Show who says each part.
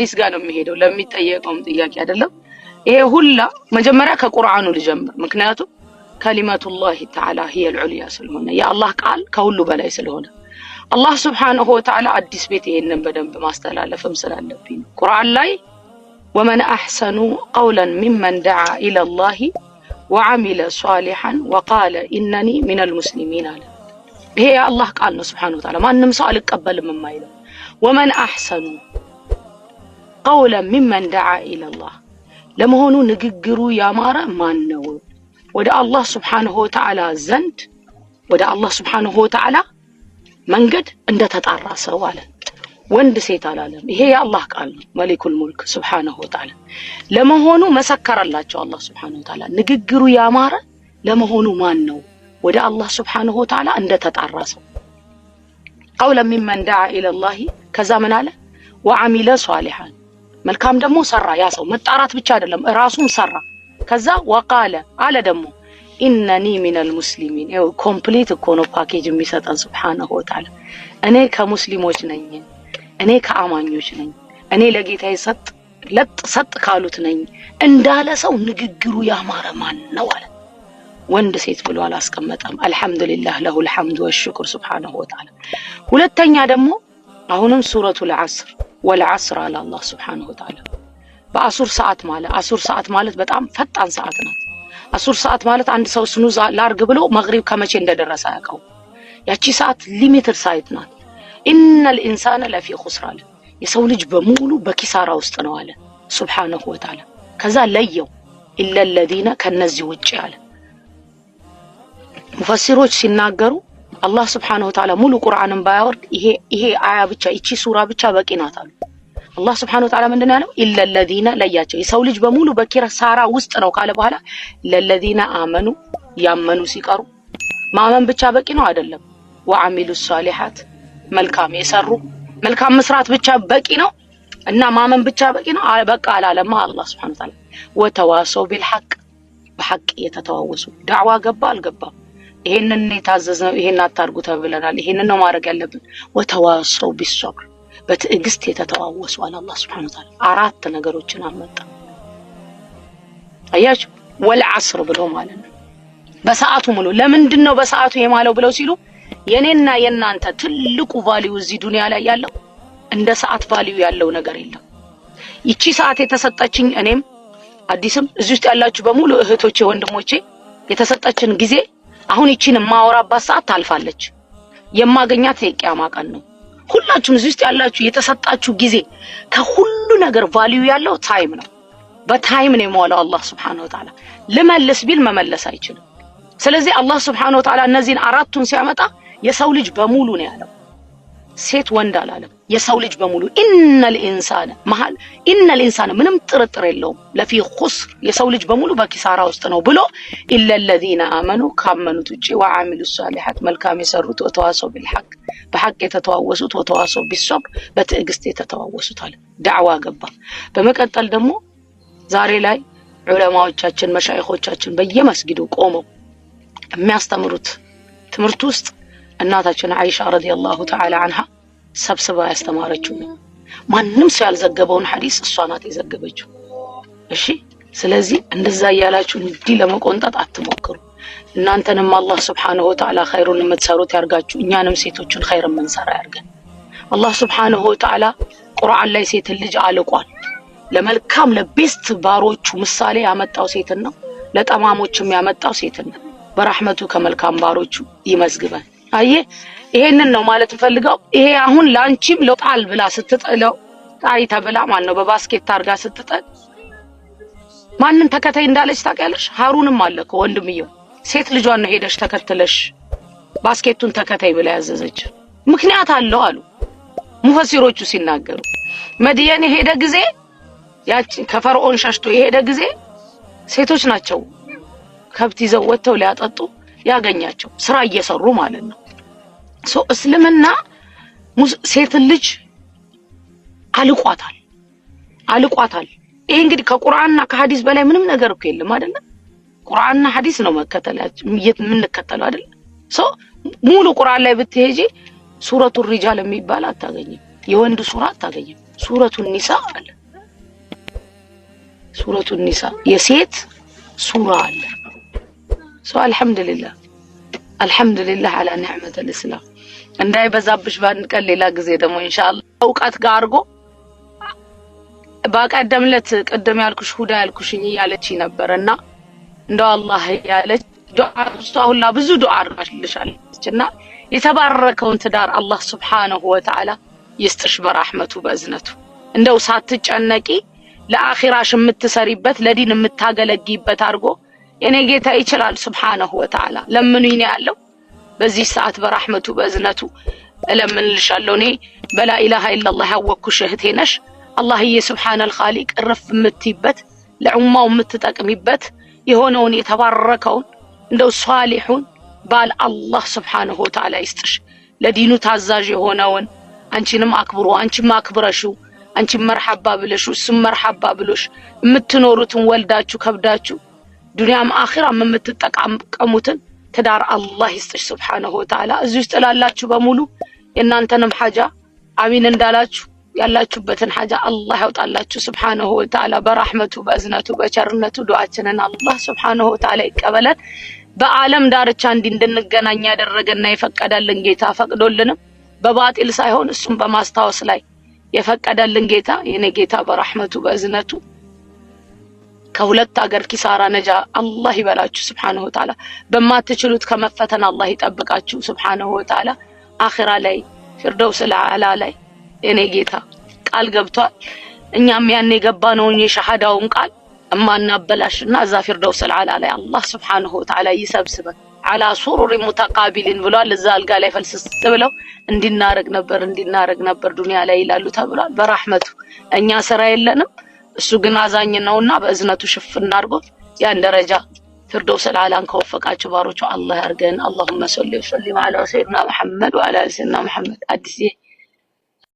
Speaker 1: ዲስ ጋር ነው የሚሄደው ለሚጠየቀውም ጥያቄ አይደለም። ይሄ ሁላ መጀመሪያ ከቁርአኑ ልጀምር፣ ምክንያቱም ከሊመቱላሂ ተዓላ ሂየ ልዑልያ ስለሆነ የአላህ ቃል ከሁሉ በላይ ስለሆነ አላህ ስብሓንሁ ወተዓላ አዲስ ቤት ይሄንን በደንብ ማስተላለፍም ስላለብኝ ቁርአን ላይ ወመን አሕሰኑ ቀውለን ሚመን ደዓ ኢለላሂ ወዓሚለ ሷሊሐን ወቃለ ኢነኒ ሚነል ሙስሊሚን አለ። ይሄ የአላህ ቃል ነው ስብሓንሁ ወተዓላ ማንም ሰው አልቀበልም የማይለው ወመን አሕሰኑ ቀውለ ሚመን ደዓ ኢለላህ። ለመሆኑ ንግግሩ ያማረ ማን ነው? ወደ አላህ ስብሓንሁ ወተዓላ ዘንድ ወደ አላህ ስብሓንሁ ወተዓላ መንገድ እንደተጣራ ሰው አለን። ወንድ ሴት አላለም። ይሄ የአላህ ቃል ነው። መሊኩል ሙልክ ስብሓንሁ ወተዓላ ለመሆኑ መሰከረላቸው አላህ ስብሓንሁ ወተዓላ። ንግግሩ ያማረ ለመሆኑ ማን ነው? ወደ አላህ ስብሓንሁ ወተዓላ እንደተጣራ ሰው ቀውለን ሚመን ደዓ ኢለላህ። ከዛ ምን አለ? ወዓሚለ ሷሊሐን መልካም ደግሞ ሰራ። ያ ሰው መጣራት ብቻ አይደለም እራሱም ሰራ። ከዛ ወቃለ አለ ደግሞ ኢነኒ ሚነል ሙስሊሚን። ይኸው ኮምፕሊት እኮ ነው ፓኬጅ የሚሰጠን ሱብሓነሁ ወተዓላ። እኔ ከሙስሊሞች ነኝ፣ እኔ ከአማኞች ነኝ፣ እኔ ለጌታ ሰጥ ለጥ ሰጥ ካሉት ነኝ እንዳለ ሰው ንግግሩ ያማረ ማን ነው አለ። ወንድ ሴት ብሎ አላስቀመጠም። አልሐምዱሊላህ ለሁል ሐምድ ወሽኩር ሱብሓነሁ ወተዓላ። ሁለተኛ ደግሞ አሁንም ሱረቱል ዐስር ወለዐስር አለ አላህ ስብሓነሁ ወተዓላ። በአሱር ሰዓት ማለት አሱር ሰዓት ማለት በጣም ፈጣን ሰዓት ናት። አሱር ሰዓት ማለት አንድ ሰው ስኑዝ ላርግ ብሎ መግሪብ ከመቼ እንደደረሰ ያውቀው። ያቺ ሰዓት ሊሚትድ ሳይት ናት። ኢነል ኢንሳነ ለፊ ኹስር አለ የሰው ልጅ በሙሉ በኪሳራ ውስጥ ነው አለ ስብሓነሁ ወተዓላ። ከዛ ለየው ኢለለዚነ ከነዚህ ውጭ አለ ሙፈሲሮች ሲናገሩ አላህ ስብሓነሁ ወተዓላ ሙሉ ቁርአንን ባያወርድ ይሄ አያ ብቻ ይቺ ሱራ ብቻ በቂ ናት አሉ። አላህ ስብሓነሁ ወተዓላ ምንድን ያለው? ኢለለዚነ ለያቸው የሰው ልጅ በሙሉ በኪሳራ ውስጥ ነው ካለ በኋላ ለለዚነ አመኑ ያመኑ ሲቀሩ ማመን ብቻ በቂ ነው አይደለም። ወአሚሉ ሷሊሓት መልካም የሰሩ መልካም መስራት ብቻ በቂ ነው እና ማመን ብቻ በቂ ነው በቃ አላለማ አላህ ስብሓነሁ ወተዓላ ወተዋሰው ቢልሐቅ በሐቅ የተተዋወሱ ዳዕዋ ገባ አልገባም ይሄንን የታዘዝ ነው፣ ይሄን አታርጉ ተብለናል። ይሄንን ነው ማድረግ ያለብን። ወተዋሰው ቢሶብር በትዕግስት የተተዋወሱ አለ አላህ ስብሐነ ወተዓላ። አራት ነገሮችን አመጣ አያችሁ። ወልዓስር ብሎ ማለት ነው በሰዓቱ ሙሉ። ለምንድን ነው በሰዓቱ የማለው ብለው ሲሉ የኔና የእናንተ ትልቁ ቫልዩ እዚህ ዱንያ ላይ ያለው እንደ ሰዓት ቫልዩ ያለው ነገር የለም። ይቺ ሰዓት የተሰጠችኝ እኔም አዲስም እዚህ ውስጥ ያላችሁ በሙሉ እህቶቼ፣ ወንድሞቼ የተሰጠችን ጊዜ አሁን ይቺን የማወራባት ሰዓት ታልፋለች። የማገኛት የቂያማ ቀን ነው። ሁላችሁም እዚህ ውስጥ ያላችሁ የተሰጣችሁ ጊዜ ከሁሉ ነገር ቫልዩ ያለው ታይም ነው። በታይም ነው የሞላው አላህ Subhanahu Wa Ta'ala ልመልስ ቢል መመለስ አይችልም። ስለዚህ አላህ Subhanahu Wa Ta'ala እነዚህን አራቱን ሲያመጣ የሰው ልጅ በሙሉ ነው ያለው። ሴት ወንድ አላለም። የሰው ልጅ በሙሉ ኢነል ኢንሳነ መሃል ኢነል ኢንሳነ ምንም ጥርጥር የለውም ለፊ ኹስር የሰው ልጅ በሙሉ በኪሳራ ውስጥ ነው ብሎ ኢለለዚነ አመኑ ካመኑት ውጭ ወአሚሉ ሷሊሐት መልካም የሰሩት ወተዋሰው ቢልሐቅ በሐቅ የተተዋወሱት ወተዋሰው ቢሶብር በትዕግስት የተተዋወሱት አለ። ዳዕዋ ገባ። በመቀጠል ደግሞ ዛሬ ላይ ዑለማዎቻችን መሻይኾቻችን በየመስጊዱ ቆመው የሚያስተምሩት ትምህርት ውስጥ እናታችን አይሻ ረዲየላሁ ተዓላ አንሃ ሰብስባ ያስተማረችው ነው። ማንም ሰው ያልዘገበውን ሐዲስ እሷ ናት የዘገበችው። እሺ፣ ስለዚህ እንደዛ እያላችሁ እንዲህ ለመቆንጠጥ አትሞክሩ። እናንተንም አላህ ስብሓንሁ ወተዓላ ኸይሩን የምትሰሩት ያርጋችሁ፣ እኛንም ሴቶችን ኸይር የምንሰራ ያርገን። አላህ ስብሓንሁ ወተዓላ ቁርአን ላይ ሴትን ልጅ አልቋል። ለመልካም ለቤስት ባሮቹ ምሳሌ ያመጣው ሴትን ነው፣ ለጠማሞችም ያመጣው ሴትን ነው። በራህመቱ ከመልካም ባሮቹ ይመዝግበን። አየህ፣ ይሄንን ነው ማለት እንፈልገው። ይሄ አሁን ላንቺም ለጣል ብላ ስትጥለው ጣይ ተብላ ማን ነው በባስኬት አድርጋ ስትጠል ማንን ተከታይ እንዳለች ታውቂያለሽ? ሀሩንም አለ እኮ ወንድምየው ሴት ልጇን ነው ሄደሽ ተከትለሽ ባስኬቱን ተከታይ ብላ ያዘዘች። ምክንያት አለው አሉ ሙፈሲሮቹ ሲናገሩ መድየን የሄደ ጊዜ ያቺ ከፈርዖን ሸሽቶ የሄደ ጊዜ ሴቶች ናቸው ከብት ይዘው ወጥተው ሊያጠጡ ያገኛቸው ስራ እየሰሩ ማለት ነው። እስልምና ሴትን ልጅ አልቋታል አልቋታል። ይሄ እንግዲህ ከቁርአንና ከሀዲስ በላይ ምንም ነገር እኮ የለም አይደለ? ቁርአንና ሀዲስ ነው መከተላችን የምንከተለው አይደለ? ሰው ሙሉ ቁርአን ላይ ብትሄጂ ሱረቱ ሪጃል የሚባል አታገኝም። የወንድ ሱራ አታገኝም። ሱረቱ ኒሳ አለ። ሱረቱ ኒሳ የሴት ሱራ አለ። ሰው አልሐምዱሊላህ አልሐምዱሊላህ አላ ኒዕመተል ኢስላም እንዳይበዛብሽ በአንድ ቀን ሌላ ጊዜ ደግሞ ኢንሻአላህ እውቀት ጋር አድርጎ ባቀደምለት ቅድም ያልኩሽ ሁዳ ያልኩሽኝ እያለች ነበር እና እንደው አላህ ያለች ዱዓ ሁላ ብዙ ዱዓ አድርጋልሻለች እና የተባረከውን ትዳር አላህ ሱብሓነሁ ወተዓላ ይስጥሽ በራህመቱ በእዝነቱ እንደው ሳትጨነቂ ለአኺራሽ የምትሰሪበት ለዲን የምታገለግይበት አድርጎ የኔ ጌታ ይችላል ሱብሓነሁ ወተዓላ ለምኑኝ ነው ያለው በዚህ ሰዓት በራህመቱ በእዝነቱ እለምንልሻለሁ። እኔ በላኢላሃ ኢላላህ ያወቅኩሽ እህቴ ነሽ። አላህዬ ስብሓነል ኻሊቅ እረፍ የምትይበት ለዑማው የምትጠቅሚበት የሆነውን የተባረከውን እንደው ሷሊሑን ባል አላህ ስብሓነሁ ወተዓላ ይስጥሽ። ለዲኑ ታዛዥ የሆነውን አንቺንም አክብሮ አንቺም አክብረሽው አንቺም መርሐባ ብለሽ እሱም መርሐባ ብሎሽ የምትኖሩትን ወልዳችሁ ከብዳችሁ ዱንያም አኺራም የምትጠቃቀሙትን ትዳር አላህ ይስጥሽ ስብሓነሁ ወተዓላ። እዚህ ውስጥ ላላችሁ በሙሉ የእናንተንም ሐጃ አሚን እንዳላችሁ ያላችሁበትን ሐጃ አላህ ያውጣላችሁ ስብሓነሁ ወተዓላ በራህመቱ በእዝነቱ በቸርነቱ ዱዓችንን አላህ ስብሓነሁ ወተዓላ ይቀበለን። በዓለም ዳርቻ እንዲህ እንድንገናኝ ያደረገና የፈቀደልን ጌታ ፈቅዶልንም በባጢል ሳይሆን እሱም በማስታወስ ላይ የፈቀደልን ጌታ የኔ ጌታ በራህመቱ በእዝነቱ ከሁለት ሀገር ኪሳራ ነጃ አላህ ይበላችሁ ስብሓነሁ ወተዓላ። በማትችሉት ከመፈተን አላህ ይጠብቃችሁ ስብሓነሁ ወተዓላ። አኺራ ላይ ፊርደውስ ለዓላ ላይ እኔ ጌታ ቃል ገብቷል። እኛም ያን የገባነውን የሸሃዳውን ቃል እማናበላሽና እዛ ፊርደውስ ለዓላ ላይ አላህ ስብሓነሁ ወተዓላ ይሰብስበን። አላ ሱሩሪ ሙተቃቢሊን ብሏል። እዛ አልጋ ላይ ፈልስስ ብለው እንዲናረግ ነበር እንዲናረግ ነበር ዱንያ ላይ ይላሉ ተብሏል። በራህመቱ እኛ ስራ የለንም እሱ ግን አዛኝ ነውና በእዝነቱ ሽፍን አድርጎ ያን ደረጃ ፊርደውስ አልዓላን ከወፈቃቸው ባሮቹ አላህ ያርገን። አላሁመ ሰሊ ወሰሊም አላ ሰይድና መሐመድ ወአላ አሊ ሰይድና መሐመድ አዲስ